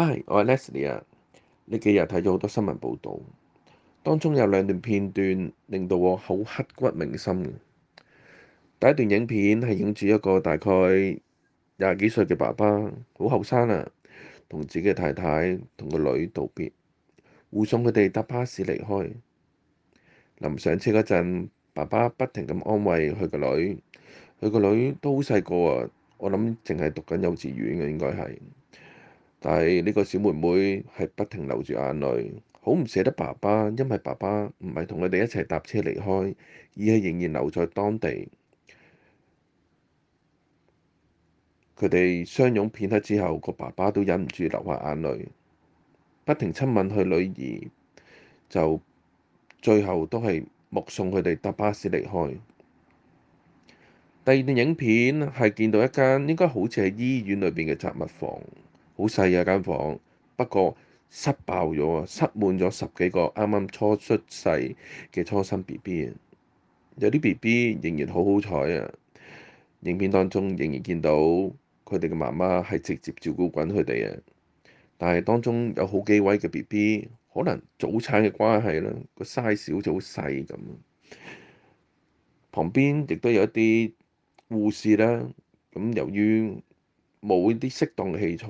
Hi，我係 Leslie 啊。呢幾日睇咗好多新聞報導，當中有兩段片段令到我好刻骨銘心。第一段影片係影住一個大概廿幾歲嘅爸爸，好後生啊，同自己嘅太太同個女道別，護送佢哋搭巴士離開。臨上車嗰陣，爸爸不停咁安慰佢個女，佢個女都好細個啊，我諗淨係讀緊幼稚園嘅應該係。但係呢個小妹妹係不停流住眼淚，好唔捨得爸爸，因為爸爸唔係同佢哋一齊搭車離開，而係仍然留在當地。佢哋相擁片刻之後，個爸爸都忍唔住流下眼淚，不停親吻佢女兒，就最後都係目送佢哋搭巴士離開。第二段影片係見到一間應該好似係醫院裏邊嘅雜物房。好細嘅間房，不過塞爆咗，塞滿咗十幾個啱啱初出世嘅初生 B B。有啲 B B 仍然好好彩啊！影片當中仍然見到佢哋嘅媽媽係直接照顧緊佢哋啊。但係當中有好幾位嘅 B B 可能早產嘅關係啦，個 size 好似好細咁。旁邊亦都有一啲護士啦。咁由於冇一啲適當嘅器材。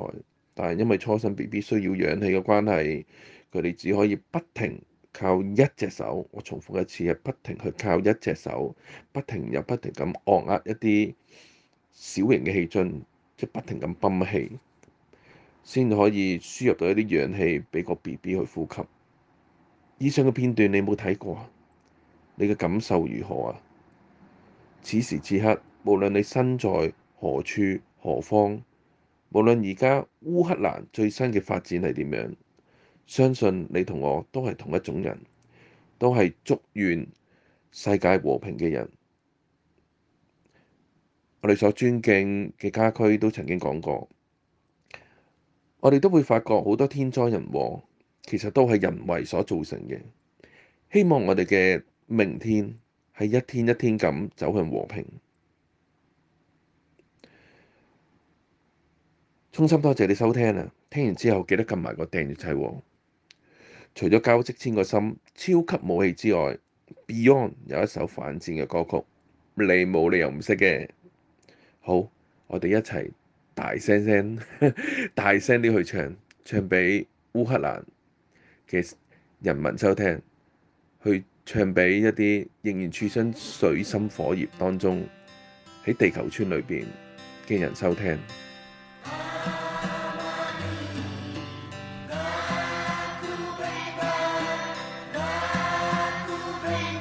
但係因為初生 B B 需要氧氣嘅關係，佢哋只可以不停靠一隻手。我重複一次，係不停去靠一隻手，不停又不停咁按壓一啲小型嘅氣樽，即係不停咁泵氣，先可以輸入到一啲氧氣俾個 B B 去呼吸。以上嘅片段你有冇睇過啊？你嘅感受如何啊？此時此刻，無論你身在何處何方。無論而家烏克蘭最新嘅發展係點樣，相信你同我都係同一種人，都係祝願世界和平嘅人。我哋所尊敬嘅家駒都曾經講過，我哋都會發覺好多天災人禍其實都係人為所造成嘅。希望我哋嘅明天係一天一天咁走向和平。衷心多謝你收聽啦！聽完之後記得撳埋個訂閱掣。除咗交織千個心超級武器之外，Beyond 有一首反戰嘅歌曲，你冇理由唔識嘅。好，我哋一齊大聲聲、 大聲啲去唱，唱俾烏克蘭嘅人民收聽，去唱俾一啲仍然處身水深火熱當中喺地球村裏邊嘅人收聽。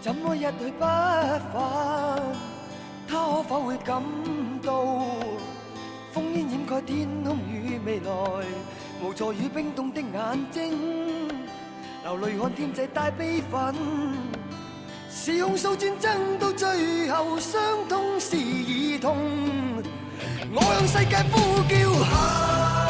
怎麼一去不返？他可否會感到烽煙掩蓋天空與未來，無助與冰凍的眼睛，流淚看天際帶悲憤，是控訴戰爭到最後，傷痛是兒童，我向世界呼叫。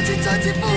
再次，再次呼叫。